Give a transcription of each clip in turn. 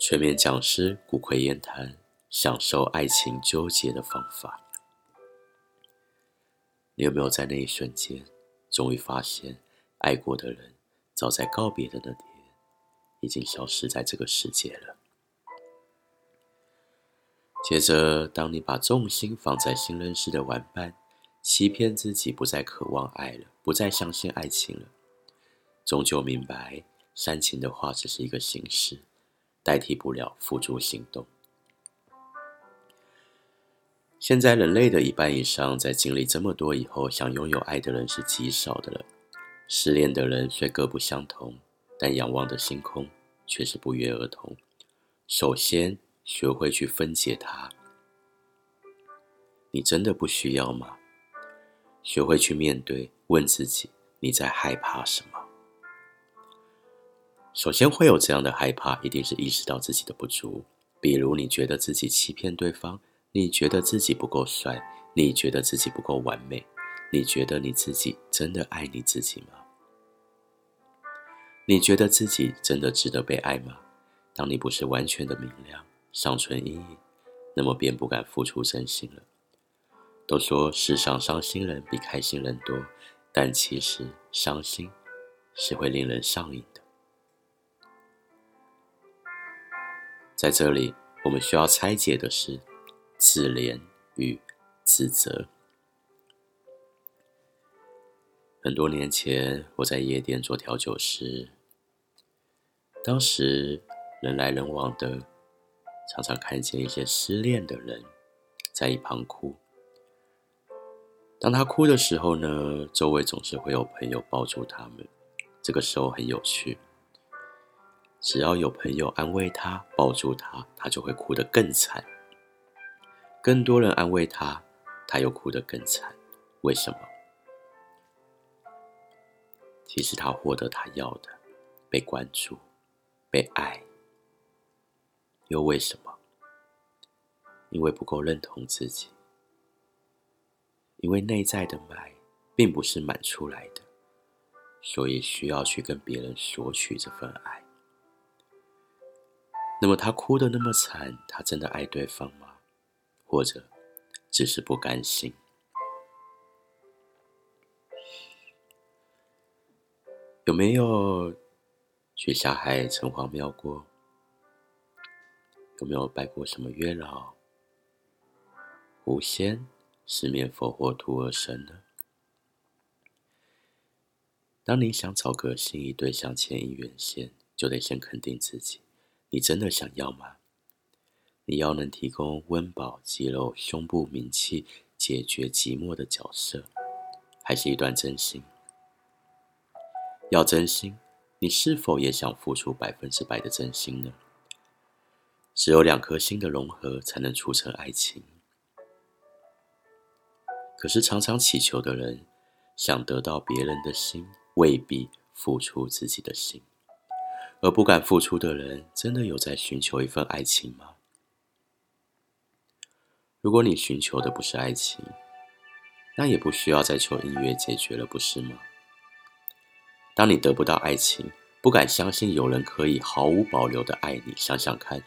催眠講師一古馗言談，享受愛情糾結的方法。你有沒有在那一瞬間，終於發現，愛過的人，早在告別的那天，已經消失在這個世界了？接着，當你把重心放在新認識的玩伴，欺騙自己不再渴望愛了，不再相信愛情了，終究明白，煽情的話只是一個形式。代替不了付諸行動。現在人類的一半以上，在經歷這麼多以後，想擁有愛的人是極少的了。失戀的人雖各不相同，但仰望的星空卻是不約而同。首先，學會去分解它。你真的不需要嗎？學會去面對，問自己，你在害怕什麼？首先會有這樣的害怕，一定是意識到自己的不足。比如，你覺得自己欺騙對方，你覺得自己不夠帥，你覺得自己不夠完美，你覺得你自己真的愛你自己嗎？你覺得自己真的值得被愛嗎？當你不是完全的明亮，尚存陰影，那麼便不敢付出真心了。都說世上傷心人比開心人多，但其實傷心是會令人上癮。在這裡，我們需要拆解的是自憐與自責。很多年前，我在夜店做調酒師，當時人來人往的，常常看見一些失戀的人在一旁哭。當他哭的時候呢，周圍總是會有朋友抱住他們，這個時候很有趣。只要有朋友安慰他、抱住他，他就會哭得更慘。更多人安慰他，他又哭得更慘。為什麼？其實他獲得他要的，被關注、被愛，又為什麼？因為不夠認同自己，因為內在的愛並不是滿出來的，所以需要去跟別人索取這份愛。那麼他哭得那麼慘，他真的愛對方嗎？或者只是不甘心？有沒有去下海城隍廟過？有沒有拜過什麼月老、狐仙、十面佛、活兔兒神呢？當你想找個心儀對象、牽姻緣線，就得先肯定自己。你真的想要嗎？你要能提供溫飽、肌肉、胸部、名氣、解決寂寞的角色，還是一段真心？要真心，你是否也想付出百分之百的真心呢？只有兩顆心的融合，才能促成愛情。可是常常祈求的人，想得到別人的心，未必付出自己的心。而不敢付出的人，真的有在尋求一份愛情嗎？如果你尋求的不是愛情，那也不需要再求音樂解決了，不是嗎？當你得不到愛情，不敢相信有人可以毫無保留的愛你，想想看，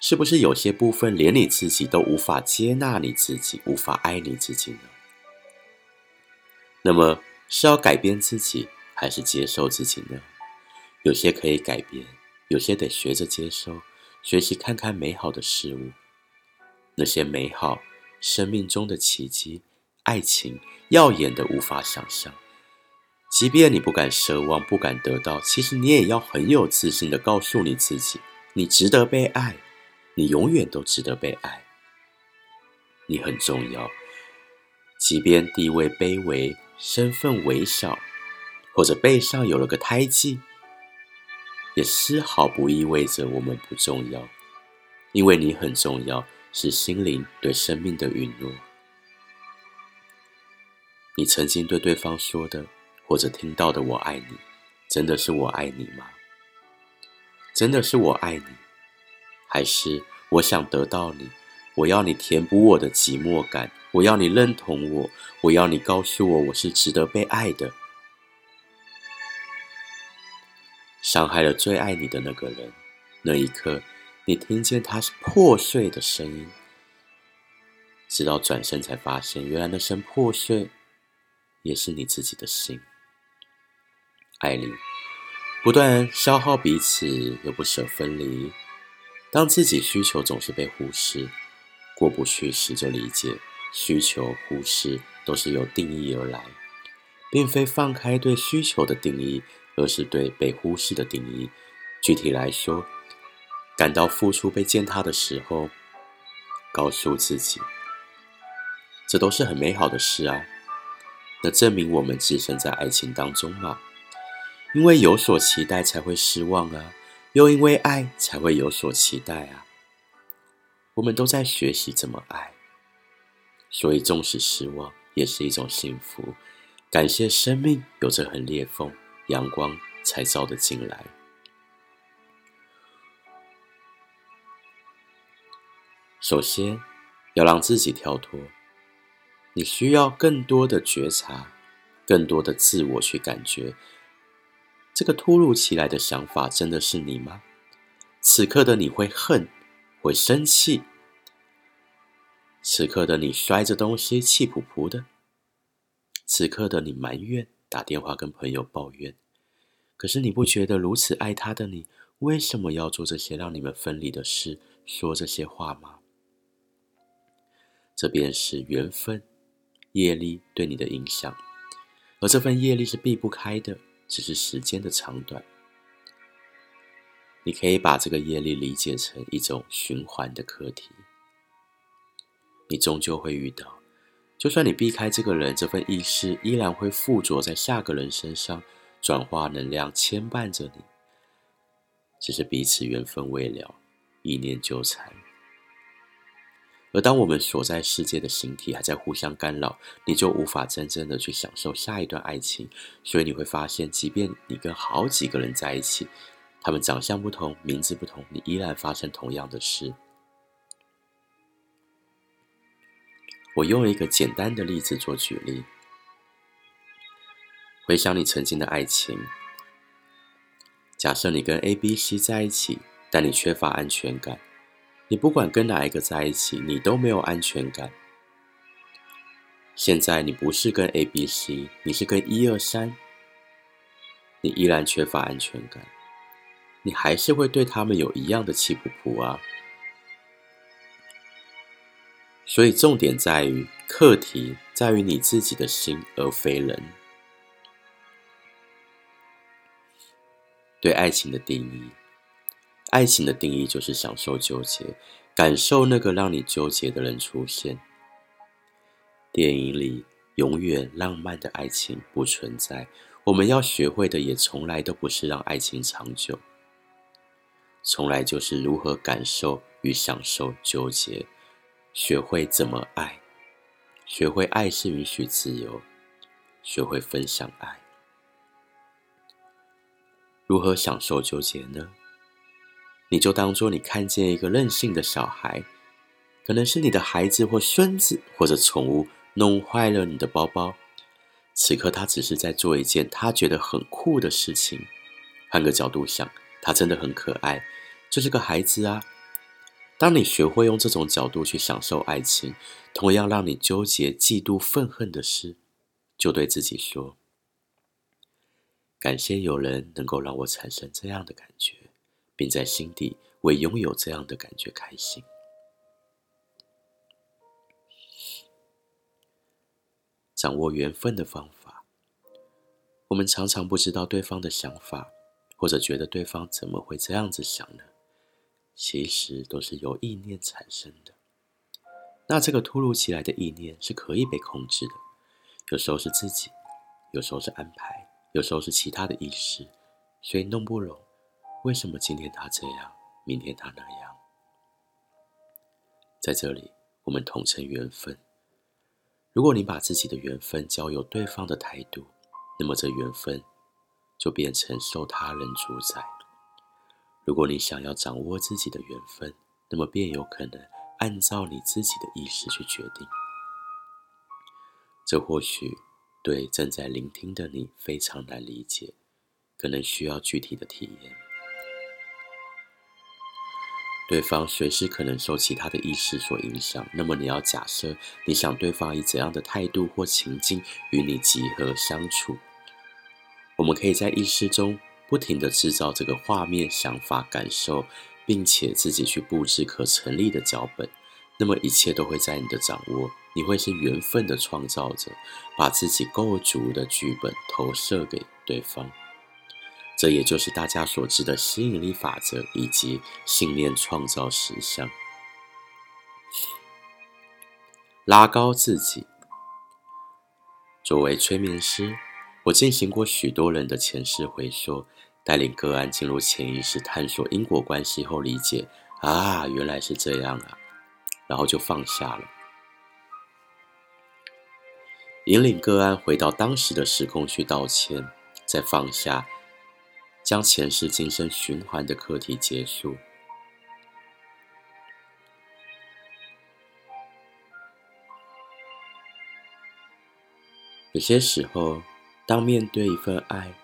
是不是有些部分連你自己都無法接納你自己，無法愛你自己呢？那麼是要改變自己，還是接受自己呢？有些可以改變，有些得學着接受，學習看看美好的事物，那些美好，生命中的奇蹟，愛情，耀眼的無法想象。即便你不敢奢望，不敢得到，其實你也要很有自信地告訴你自己，你值得被愛，你永遠都值得被愛，你很重要。即便地位卑微，身份微小，或者背上有了個胎記。也絲毫不意味着我們不重要，因為你很重要，是心靈對生命的允諾。你曾經對對方說的或者聽到的“我愛你”，真的是我愛你嗎？真的是我愛你，還是我想得到你？我要你填補我的寂寞感，我要你認同我，我要你告訴我我是值得被愛的。傷害了最愛你的那個人，那一刻，你聽見他心破碎的聲音，直到轉身才發現，原來那聲破碎，也是你自己的心。愛裏，不斷消耗彼此，又不捨分離。當自己需求總是被忽視、過不去時，就理解需求忽視都是由定義而來，並非放開對需求的定義。而是對被忽視的定義。具體來說，感到付出被踐踏的時候，告訴自己，這都是很美好的事啊！那證明我們置身在愛情當中嘛、啊？因為有所期待才會失望啊，又因為愛才會有所期待啊。我們都在學習怎麼愛，所以縱使失望也是一種幸福。感謝生命有這痕裂縫。陽光才照得進來。首先，要讓自己跳脫。你需要更多的覺察，更多的自我去感覺，這個突如其來的想法真的是你嗎？此刻的你會恨，會生氣。此刻的你摔着東西，氣撲撲的。此刻的你埋怨。打電話跟朋友抱怨，可是你不覺得如此愛他的你，為什麼要做這些讓你們分離的事，說這些話嗎？這便是緣分、業力對你的影響，而這份業力是避不開的，只是時間的長短。你可以把這個業力理解成一種循環的課題，你終究會遇到。就算你避開這個人，這份意識依然會附着在下個人身上，轉化能量牽絆着你，只是彼此緣分未了，一念糾纏。而當我們所在世界的形體還在互相干擾，你就無法真正的去享受下一段愛情。所以你會發現，即便你跟好幾個人在一起，他們長相不同，名字不同，你依然發生同樣的事。我用一個簡單的例子做舉例，回想你曾經的愛情。假設你跟 A、B、C 在一起，但你缺乏安全感。你不管跟哪一個在一起，你都沒有安全感。現在你不是跟 A、B、C，你是跟一二三，你依然缺乏安全感，你還是會對他們有一樣的氣不浦啊。所以重點在於課題，在於你自己的心，而非人。對愛情的定義，愛情的定義就是享受糾結，感受那個讓你糾結的人出現。電影裡永遠浪漫的愛情不存在，我們要學會的也從來都不是讓愛情長久，從來就是如何感受與享受糾結。學會怎麼愛，學會愛是允許自由，學會分享愛。如何享受糾結呢？你就當做你看見一個任性的小孩，可能是你的孩子或孫子或者寵物弄壞了你的包包。此刻他只是在做一件他覺得很酷的事情。換個角度想，他真的很可愛，就是個孩子啊。當你學會用這種角度去享受愛情，同樣讓你糾結、嫉妒、憤恨的事，就對自己說：“感謝有人能夠讓我產生這樣的感覺，並在心底為擁有這樣的感覺開心。”掌握緣分的方法，我們常常不知道對方的想法，或者覺得對方怎麼會這樣子想呢？其實都是由意念產生的。那這個突如其來的意念是可以被控制的，有時候是自己，有時候是安排，有時候是其他的意識，所以弄不懂，為什麼今天他這樣，明天他那樣？在這裡，我們統稱緣分。如果你把自己的緣分交由對方的態度，那麼這緣分就變成受他人主宰。如果你想要掌握自己的緣分，那麼便有可能按照你自己的意識去決定。這或許對正在聆聽的你非常難理解，可能需要具體的體驗。對方隨時可能受其他的意識所影響，那麼你要假設你想對方以怎樣的態度或情境與你結合相處。我們可以在意識中。不停的制造這個畫面、想法、感受，並且自己去布置可成立的腳本，那麼一切都會在你的掌握，你會是緣分的創造者，把自己構築的劇本投射給對方，這也就是大家所知的吸引力法則以及信念創造實相，拉高自己，作為催眠師。我進行過許多人的前世回溯，帶領個案進入潛意識探索因果關係後，理解啊，原來是這樣啊，然後就放下了。引領個案回到當時的時空去道歉，再放下，將前世今生循環的課題結束。有些時候。當面對一份愛，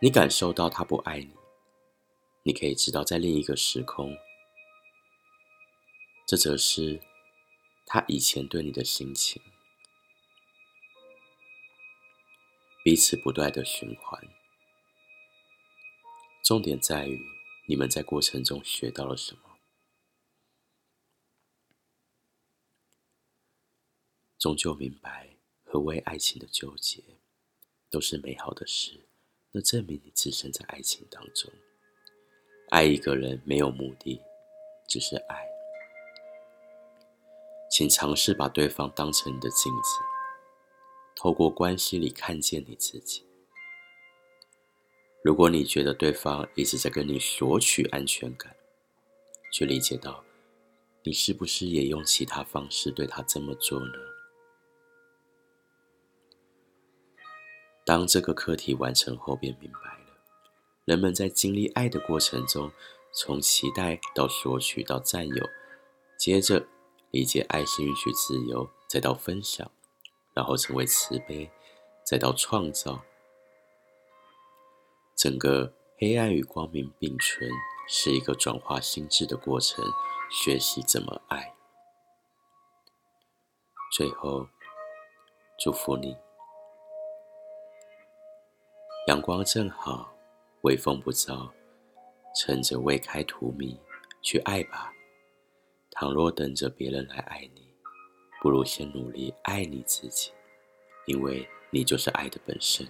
你感受到他不愛你，你可以知道，在另一個時空，這則是他以前對你的心情。彼此不斷的循環，重點在於你們在過程中學到了什麼，終究明白。和為愛情的糾結，都是美好的事。那證明你自身在愛情當中。愛一個人沒有目的，只是愛。請嘗試把對方當成你的鏡子，透過關係裡看見你自己。如果你覺得對方一直在跟你索取安全感，就理解到，你是不是也用其他方式對他這麼做呢？當這個課題完成後，便明白了，人們在經歷愛的過程中，從期待到索取到占有，接着理解愛是允許自由，再到分享，然後成為慈悲，再到創造。整個黑暗與光明並存，是一個轉化心智的過程，學習怎麼愛。最後，祝福你。陽光正好，微風不燥，趁着未開荼蘼，去愛吧。倘若等着別人來愛你，不如先努力愛你自己，因為你就是愛的本身。